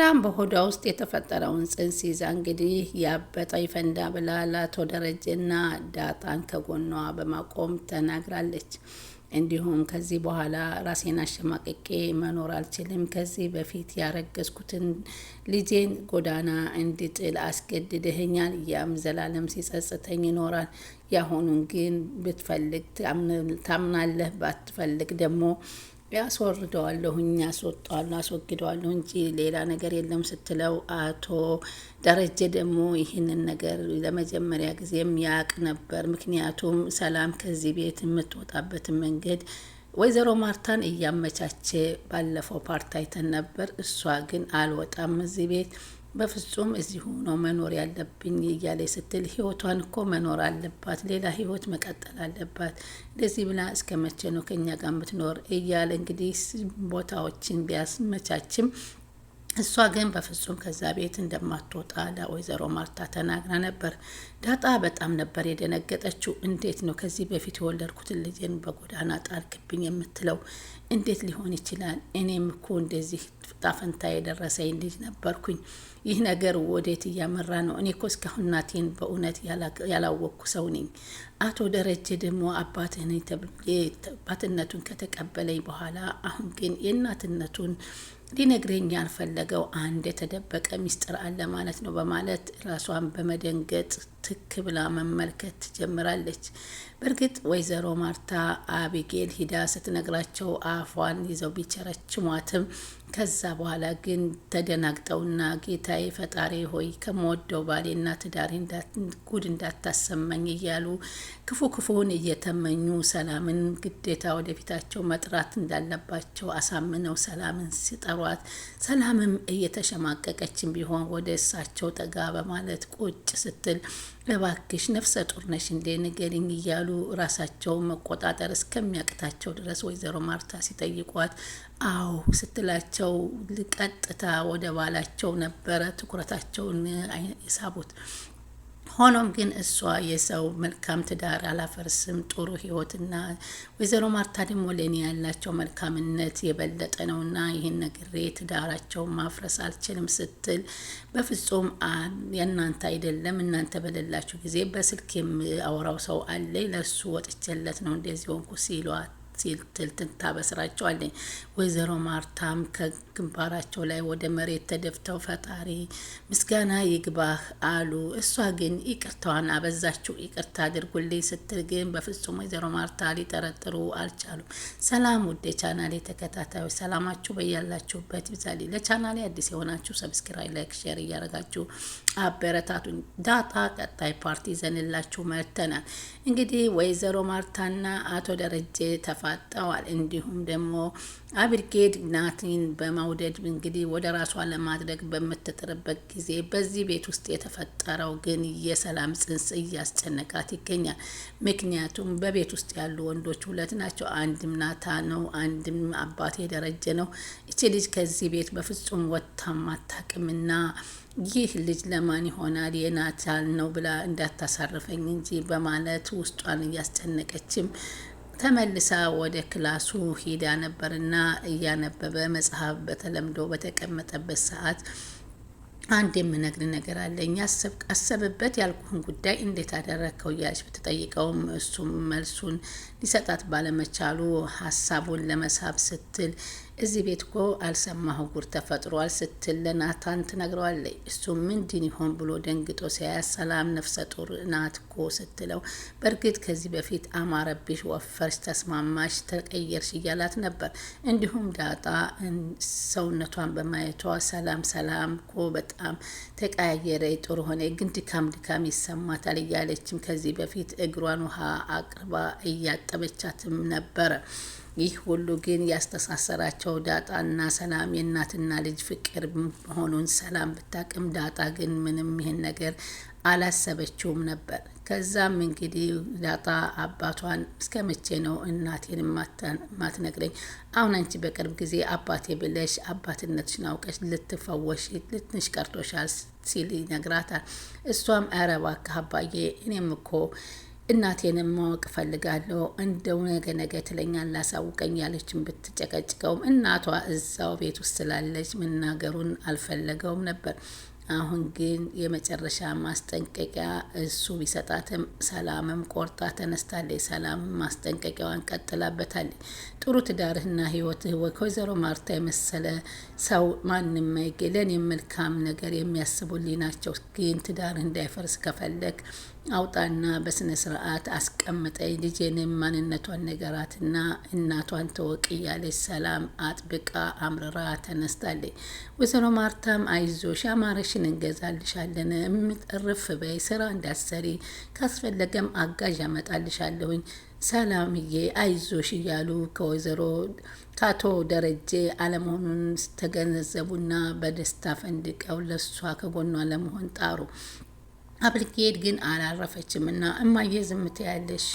አምናም በሆዷ ውስጥ የተፈጠረውን ጽንስ ይዛ እንግዲህ ያበጠው ይፈንዳ ብላ ለአቶ ደረጀና ዳጣን ከጎኗ በማቆም ተናግራለች። እንዲሁም ከዚህ በኋላ ራሴን አሸማቅቄ መኖር አልችልም። ከዚህ በፊት ያረገዝኩትን ልጄን ጎዳና እንድጥል አስገድድህኛል ያም ዘላለም ሲጸጽተኝ ይኖራል። ያሁኑን ግን ብትፈልግ ታምናለህ፣ ባትፈልግ ደግሞ ያስወርደዋለሁኝ ያስወጣዋለሁ አስወግደዋለሁ እንጂ ሌላ ነገር የለም ስትለው፣ አቶ ደረጀ ደግሞ ይህንን ነገር ለመጀመሪያ ጊዜም ያቅ ነበር። ምክንያቱም ሰላም ከዚህ ቤት የምትወጣበትን መንገድ ወይዘሮ ማርታን እያመቻቸ ባለፈው ፓርት አይተን ነበር። እሷ ግን አልወጣም እዚህ ቤት በፍጹም እዚሁ ነው መኖር ያለብኝ እያለ ስትል ህይወቷን እኮ መኖር አለባት፣ ሌላ ህይወት መቀጠል አለባት። እንደዚህ ብላ እስከ መቼ ነው ከኛ ጋር የምትኖር እያለ እንግዲህ ቦታዎችን ቢያስመቻችም እሷ ግን በፍጹም ከዛ ቤት እንደማትወጣ ለወይዘሮ ማርታ ተናግራ ነበር። ዳጣ በጣም ነበር የደነገጠችው። እንዴት ነው ከዚህ በፊት የወለድኩትን ልጄን በጎዳና ጣልክብኝ የምትለው? እንዴት ሊሆን ይችላል? እኔም እኮ እንደዚህ ጣፈንታ የደረሰኝ ልጅ ነበርኩኝ። ይህ ነገር ወዴት እያመራ ነው? እኔ እኮ እስካሁን እናቴን በእውነት ያላወቅኩ ሰው ነኝ። አቶ ደረጀ ደግሞ አባትነቱን ከተቀበለኝ በኋላ አሁን ግን የእናትነቱን ሊነግረኝ ያልፈለገው አንድ የተደበቀ ሚስጥር አለ ማለት ነው በማለት ራሷን በመደንገጥ ትክ ብላ መመልከት ትጀምራለች። በእርግጥ ወይዘሮ ማርታ አቢጌል ሂዳ ስትነግራቸው አፏን ይዘው ቢቸረችሟትም ከዛ በኋላ ግን ተደናግጠውና ጌታዬ ፈጣሪ ሆይ ከምወደው ባሌና ትዳሪ ጉድ እንዳታሰመኝ እያሉ ክፉ ክፉውን እየተመኙ ሰላምን ግዴታ ወደፊታቸው መጥራት እንዳለባቸው አሳምነው ሰላምን ሲጠሯት ሰላምም እየተሸማቀቀችን ቢሆን ወደ እሳቸው ጠጋ በማለት ቁጭ ስትል እባክሽ ነፍሰ ጡር ነሽ እንዴ ንገሪኝ እያሉ ራሳቸውን መቆጣጠር እስከሚያቅታቸው ድረስ ወይዘሮ ማርታ ሲጠይቋት አዎ ስትላቸው ቀጥታ ወደ ባላቸው ነበረ ትኩረታቸውን የሳቡት። ሆኖም ግን እሷ የሰው መልካም ትዳር አላፈርስም ጥሩ ህይወትና ወይዘሮ ማርታ ደግሞ ለእኔ ያላቸው መልካምነት የበለጠ ነውና ይህን ነግሬ ትዳራቸው ማፍረስ አልችልም ስትል በፍጹም የእናንተ አይደለም፣ እናንተ በሌላችሁ ጊዜ በስልክ የሚያወራው ሰው አለኝ፣ ለእሱ ወጥቼለት ነው እንደዚህ ሆንኩ ሲሏት ስትል ታበስራቸዋለች። ወይዘሮ ማርታም ከግንባራቸው ላይ ወደ መሬት ተደፍተው ፈጣሪ ምስጋና ይግባህ አሉ። እሷ ግን ይቅርታዋን አበዛችው። ይቅርታ አድርጉልኝ ስትል ግን በፍጹም ወይዘሮ ማርታ ሊጠረጥሩ አልቻሉም። ሰላም ውድ የቻናሌ ተከታታዮች ሰላማችሁ በያላችሁበት ይብዛልኝ። ለቻናሌ አዲስ የሆናችሁ ሰብስክራይ፣ ላይክ፣ ሼር እያረጋችሁ አበረታቱኝ ዳጣ ቀጣይ ፓርቲ ዘንላችሁ መጥተናል። እንግዲህ ወይዘሮ ማርታና አቶ ደረጀ ተፋጠዋል። እንዲሁም ደግሞ አብርጌድ ናቲን በማውደድ እንግዲህ ወደ ራሷ ለማድረግ በምትጥርበት ጊዜ በዚህ ቤት ውስጥ የተፈጠረው ግን የሰላም ጽንስ እያስጨነቃት ይገኛል። ምክንያቱም በቤት ውስጥ ያሉ ወንዶች ሁለት ናቸው። አንድም ናታ ነው፣ አንድም አባቴ ደረጀ ነው። እቺ ልጅ ከዚህ ቤት በፍጹም ወጥታ ይህ ልጅ ለ ለማን ይሆናል የናታል ነው ብላ እንዳታሳርፈኝ እንጂ በማለት ውስጧን እያስጨነቀችም ተመልሳ ወደ ክላሱ ሂዳ ነበርና እያነበበ መጽሐፍ በተለምዶ በተቀመጠበት ሰዓት አንድ የምነግር ነገር አለኝ አሰብበት ያልኩህን ጉዳይ እንዴት አደረግከው እያለች ብትጠይቀውም እሱም መልሱን ሊሰጣት ባለመቻሉ ሀሳቡን ለመሳብ ስትል እዚህ ቤት እኮ አልሰማሁ ጉር ተፈጥሯል ስትል ለናታን ትነግረዋለች። እሱ ምንድን ይሆን ብሎ ደንግጦ ሲያያት ሰላም ነፍሰ ጡር ናት እኮ ስትለው በእርግጥ ከዚህ በፊት አማረብሽ፣ ወፈርሽ፣ ተስማማሽ፣ ተቀየርሽ እያላት ነበር። እንዲሁም ዳጣ ሰውነቷን በማየቷ ሰላም ሰላም እኮ በጣም ተቀያየረ ጥሩ ሆነ፣ ግን ድካም ድካም ይሰማታል እያለችም ከዚህ በፊት እግሯን ውሃ አቅርባ እያጠበቻትም ነበረ። ይህ ሁሉ ግን ያስተሳሰራቸው ዳጣና ሰላም የእናትና ልጅ ፍቅር መሆኑን ሰላም ብታቅም፣ ዳጣ ግን ምንም ይህን ነገር አላሰበችውም ነበር። ከዛም እንግዲህ ዳጣ አባቷን እስከ መቼ ነው እናቴን ማትነግረኝ? አሁን አንቺ በቅርብ ጊዜ አባቴ ብለሽ አባትነትሽን አውቀሽ ልትፈወሽ ልትንሽ ቀርቶሻል ሲል ይነግራታል። እሷም አረባ እባክህ እኔም እኮ እናቴንም ማወቅ ፈልጋለሁ እንደው ነገ ነገ ትለኛ ላሳውቀኝ ያለችን ብትጨቀጭቀውም እናቷ እዛው ቤት ውስጥ ስላለች መናገሩን አልፈለገውም ነበር። አሁን ግን የመጨረሻ ማስጠንቀቂያ እሱ ቢሰጣትም ሰላምም ቆርጣ ተነስታለች። ሰላም ማስጠንቀቂያዋን ቀጥላበታለች። ጥሩ ትዳርህና ህይወትህ ከወይዘሮ ማርታ የመሰለ ሰው ማንም አይገለን። የመልካም ነገር የሚያስቡልኝ ናቸው። ግን ትዳርህ እንዳይፈርስ ከፈለግ አውጣና በስነ ስርዓት አስቀምጠኝ፣ ልጄንም ማንነቷን ነገራትና እናቷን ተወቅ እያለች ሰላም አጥብቃ አምርራ ተነስታለች። ወይዘሮ ማርታም አይዞሽ አማረሽ ቤትሽን እንገዛልሻለን፣ እርፍ በይ፣ ስራ እንዳሰሪ ካስፈለገም አጋዥ ያመጣልሻለሁኝ፣ ሰላምዬ አይዞሽ እያሉ ከወይዘሮ ከአቶ ደረጀ አለመሆኑን ተገነዘቡና በደስታ ፈንድቀው ለሷ ከጎኗ ለመሆን ጣሩ። አብልጌድ ግን አላረፈችም እና እማዬ ዝም ትያለሽ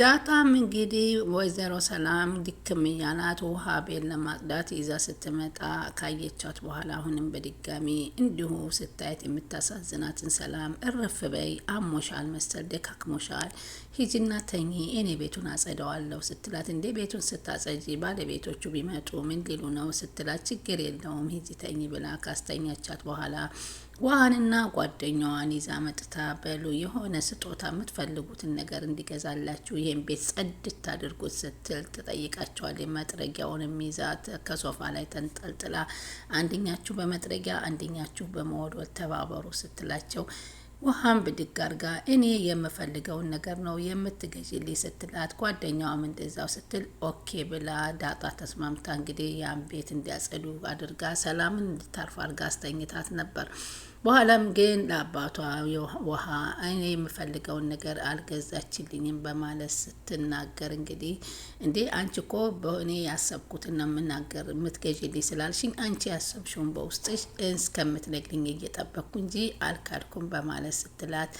ዳጣም እንግዲህ ወይዘሮ ሰላም ድክም እያላት ውሃ ቤት ለማቅዳት ይዛ ስትመጣ ካየቻት በኋላ አሁንም በድጋሚ እንዲሁ ስታየት የምታሳዝናትን ሰላም እረፍ በይ አሞሻል መሰል ደካክሞሻል፣ ሂጂና ተኚ እኔ ቤቱን አጸደዋለሁ ስትላት፣ እንዴ ቤቱን ስታጸጂ ባለቤቶቹ ቢመጡ ምን ሊሉ ነው ስትላት፣ ችግር የለውም ሂጂ ተኚ ብላ ካስተኛቻት በኋላ ውሃንና ጓደኛዋን ይዛ መጥታ በሉ የሆነ ስጦታ የምትፈልጉትን ነገር እንዲገዛላችሁ ይህን ቤት ጸድት አድርጉት ስትል ትጠይቃቸዋል። መጥረጊያውንም ይዛ ከሶፋ ላይ ተንጠልጥላ አንደኛችሁ በመጥረጊያ አንደኛችሁ በመወልወል ተባበሩ ስትላቸው ውሃም ብድግ አርጋ እኔ የምፈልገውን ነገር ነው የምትገዥልኝ ስትላት፣ ጓደኛዋም እንደዛው ስትል ኦኬ ብላ ዳጣ ተስማምታ እንግዲህ ያን ቤት እንዲያጸዱ አድርጋ ሰላምን እንድታርፍ አርጋ አስተኝታት ነበር። በኋላም ግን ለአባቷ ውሃ እኔ የምፈልገውን ነገር አልገዛችልኝም በማለት ስትናገር እንግዲህ እንዴ አንቺ እኮ በእኔ ያሰብኩትን ነው የምናገር የምትገዥልኝ ስላልሽኝ አንቺ ያሰብሽውን በውስጥሽ እስከምትነግሪኝ እየጠበቅኩ እንጂ አልካድኩም በማለት ስትላት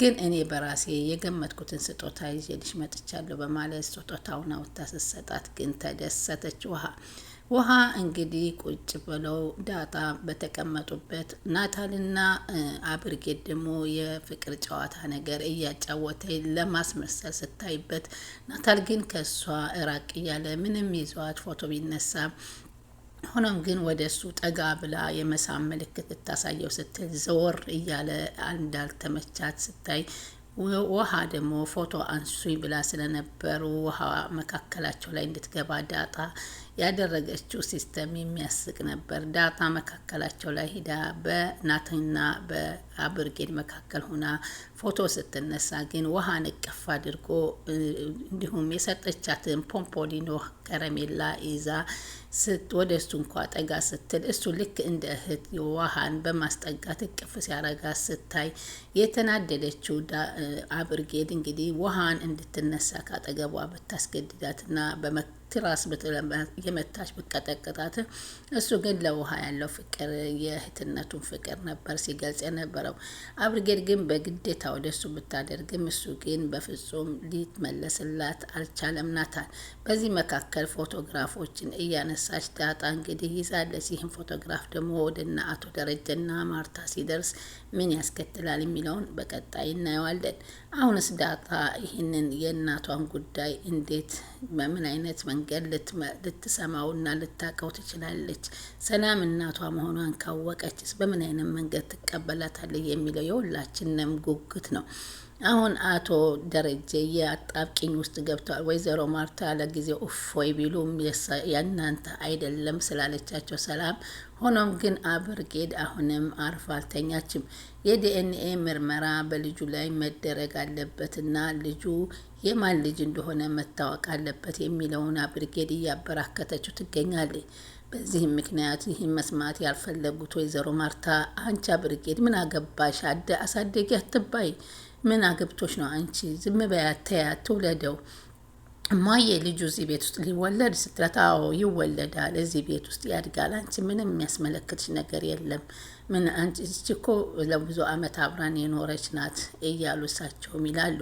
ግን እኔ በራሴ የገመትኩትን ስጦታ ይዤልሽ መጥቻለሁ በማለት ስጦታውን አውጥታ ስትሰጣት ግን ተደሰተች ውሃ ውሃ እንግዲህ ቁጭ ብለው ዳጣ በተቀመጡበት ናታልና አብርጌት ደግሞ የፍቅር ጨዋታ ነገር እያጫወተ ለማስመሰል ስታይበት፣ ናታል ግን ከሷ ራቅ እያለ ምንም ይዘዋት ፎቶ ቢነሳ ሆኖም ግን ወደ እሱ ጠጋ ብላ የመሳም ምልክት ልታሳየው ስትል ዘወር እያለ እንዳልተመቻት ስታይ ውሃ ደግሞ ፎቶ አንሱኝ ብላ ስለነበሩ ውሃ መካከላቸው ላይ እንድትገባ ዳጣ ያደረገችው ሲስተም የሚያስቅ ነበር። ዳጣ መካከላቸው ላይ ሂዳ በናትና በአብርጌድ መካከል ሁና ፎቶ ስትነሳ ግን ውሃ ነቀፍ አድርጎ እንዲሁም የሰጠቻትን ፖምፖሊኖ ከረሜላ ይዛ ስት ወደ እሱ እንኳ ጠጋ ስትል እሱ ልክ እንደ እህት ውሃን በማስጠጋት እቅፍ ሲያረጋ ስታይ የተናደደችው አብርጌድ እንግዲህ ውሃን እንድትነሳ ካጠገቧ ብታስገድዳትና ትራስ የመታች ብቀጠቅጣት፣ እሱ ግን ለውሃ ያለው ፍቅር የእህትነቱን ፍቅር ነበር ሲገልጽ የነበረው። አብርጌድ ግን በግዴታ ወደ እሱ ብታደርግም እሱ ግን በፍጹም ሊትመለስላት አልቻለም። ናታል በዚህ መካከል ፎቶግራፎችን እያነሳች ዳጣ እንግዲህ ይዛለች። ይህም ፎቶግራፍ ደግሞ ወደና አቶ ደረጀና ማርታ ሲደርስ ምን ያስከትላል የሚለውን በቀጣይ እናየዋለን። አሁንስ ዳጣ ይህንን የእናቷን ጉዳይ እንዴት በምን አይነት መንገድ ልትሰማውና ልታቀው ትችላለች? ሰላም እናቷ መሆኗን ካወቀችስ በምን አይነት መንገድ ትቀበላታለች? የሚለው የሁላችንም ጉጉት ነው። አሁን አቶ ደረጀ የአጣብቂኝ ውስጥ ገብተዋል። ወይዘሮ ማርታ ለጊዜው እፎይ ቢሉም የእናንተ አይደለም ስላለቻቸው ሰላም፣ ሆኖም ግን አብርጌድ አሁንም አርፋ አልተኛችም። የዲኤንኤ ምርመራ በልጁ ላይ መደረግ አለበትና ልጁ የማን ልጅ እንደሆነ መታወቅ አለበት የሚለውን አብርጌድ እያበራከተችው ትገኛለች። በዚህም ምክንያት ይህን መስማት ያልፈለጉት ወይዘሮ ማርታ አንቺ አብርጌድ ምን አገባሽ አደ አሳደጊ አትባይ ምን አግብቶች ነው አንቺ? ዝም በያት ተያት ትውለደው እማዬ ልጁ እዚህ ቤት ውስጥ ሊወለድ ስትላት፣ አዎ ይወለዳል፣ እዚህ ቤት ውስጥ ያድጋል። አንቺ ምንም የሚያስመለክትሽ ነገር የለም። ምን አንቺ እኮ ለብዙ ዓመት አብራን የኖረች ናት እያሉ እሳቸውም ይላሉ።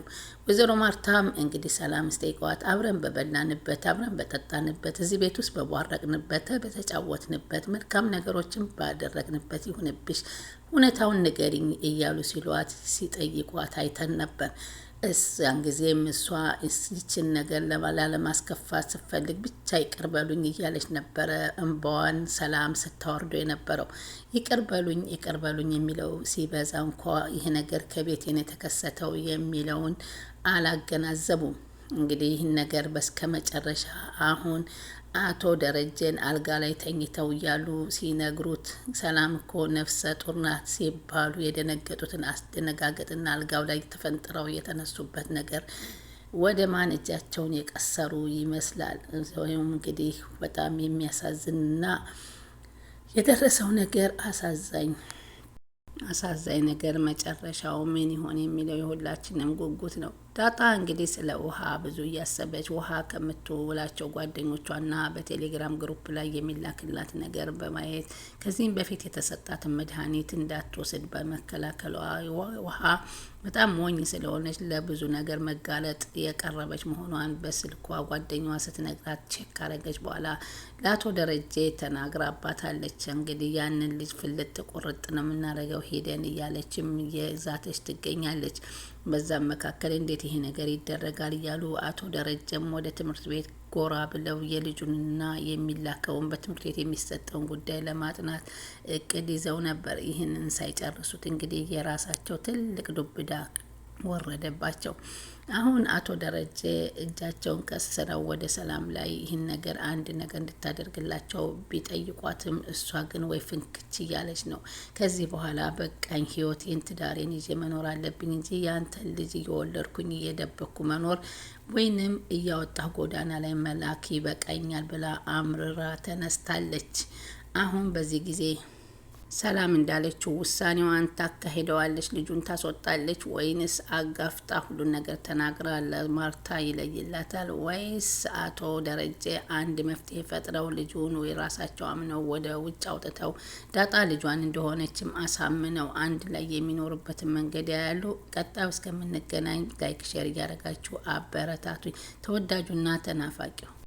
ወይዘሮ ማርታም እንግዲህ ሰላም ስጠይቀዋት፣ አብረን በበላንበት፣ አብረን በጠጣንበት፣ እዚህ ቤት ውስጥ በቧረቅንበት፣ በተጫወትንበት፣ መልካም ነገሮችን ባደረግንበት ይሁንብሽ፣ እውነታውን ንገሪኝ እያሉ ሲሏት ሲጠይቋት አይተን ነበር። እዚያን ጊዜም እሷ ይችን ነገር ለባላ ለማስከፋት ስፈልግ ብቻ ይቅርበሉኝ እያለች ነበረ እንባዋን ሰላም ስታወርዶ የነበረው። ይቅርበሉኝ ይቅርበሉኝ የሚለው ሲበዛ እንኳ ይህ ነገር ከቤቴን የተከሰተው የሚለውን አላገናዘቡም። እንግዲህ ይህን ነገር በስከ መጨረሻ አሁን አቶ ደረጀን አልጋ ላይ ተኝተው እያሉ ሲነግሩት ሰላም እኮ ነፍሰ ጡር ናት ሲባሉ የደነገጡትን አስደነጋገጥና አልጋው ላይ ተፈንጥረው የተነሱበት ነገር ወደ ማን እጃቸውን የቀሰሩ ይመስላል። ወይም እንግዲህ በጣም የሚያሳዝንና የደረሰው ነገር አሳዛኝ አሳዛኝ ነገር መጨረሻው ምን ይሆን የሚለው የሁላችንም ጉጉት ነው። ዳጣ እንግዲህ ስለ ውሃ ብዙ እያሰበች ውሃ ከምትውላቸው ጓደኞቿና በቴሌግራም ግሩፕ ላይ የሚላክላት ነገር በማየት ከዚህም በፊት የተሰጣትን መድኃኒት እንዳትወስድ በመከላከሏ ውሃ በጣም ሞኝ ስለሆነች ለብዙ ነገር መጋለጥ የቀረበች መሆኗን በስልኳ ጓደኛዋ ስትነግራት ቼክ ካረገች በኋላ ለአቶ ደረጀ ተናግራባታለች። እንግዲህ ያንን ልጅ ፍልጥ ቁርጥ ነው የምናደርገው ሄደን እያለችም የዛተች ትገኛለች። በዛም መካከል እንዴት ይሄ ነገር ይደረጋል እያሉ አቶ ደረጀም ወደ ትምህርት ቤት ጎራ ብለው የልጁንና የሚላከውን በትምህርት ቤት የሚሰጠውን ጉዳይ ለማጥናት እቅድ ይዘው ነበር። ይህንን ሳይጨርሱት እንግዲህ የራሳቸው ትልቅ ዱብዳ ወረደባቸው። አሁን አቶ ደረጀ እጃቸውን ቀስረው ወደ ሰላም ላይ ይህን ነገር አንድ ነገር እንድታደርግላቸው ቢጠይቋትም እሷ ግን ወይ ፍንክች እያለች ነው። ከዚህ በኋላ በቃኝ፣ ህይወቴን ትዳሬን ይዤ መኖር አለብኝ እንጂ ያንተ ልጅ እየወለድኩኝ እየደበኩ መኖር ወይንም እያወጣሁ ጎዳና ላይ መላክ ይበቃኛል ብላ አምርራ ተነስታለች። አሁን በዚህ ጊዜ ሰላም እንዳለችው ውሳኔዋን ታካሂደዋለች? ልጁን ታስወጣለች? ወይንስ አጋፍጣ ሁሉን ነገር ተናግራ ለማርታ ይለይላታል? ወይስ አቶ ደረጀ አንድ መፍትሄ ፈጥረው ልጁን ወይ ራሳቸው አምነው ወደ ውጭ አውጥተው ዳጣ ልጇን እንደሆነችም አሳምነው አንድ ላይ የሚኖርበትን መንገድ ያያሉ? ቀጣዩ እስከምንገናኝ ላይክ፣ ሼር እያደረጋችሁ አበረታቱኝ። ተወዳጁና ተናፋቂው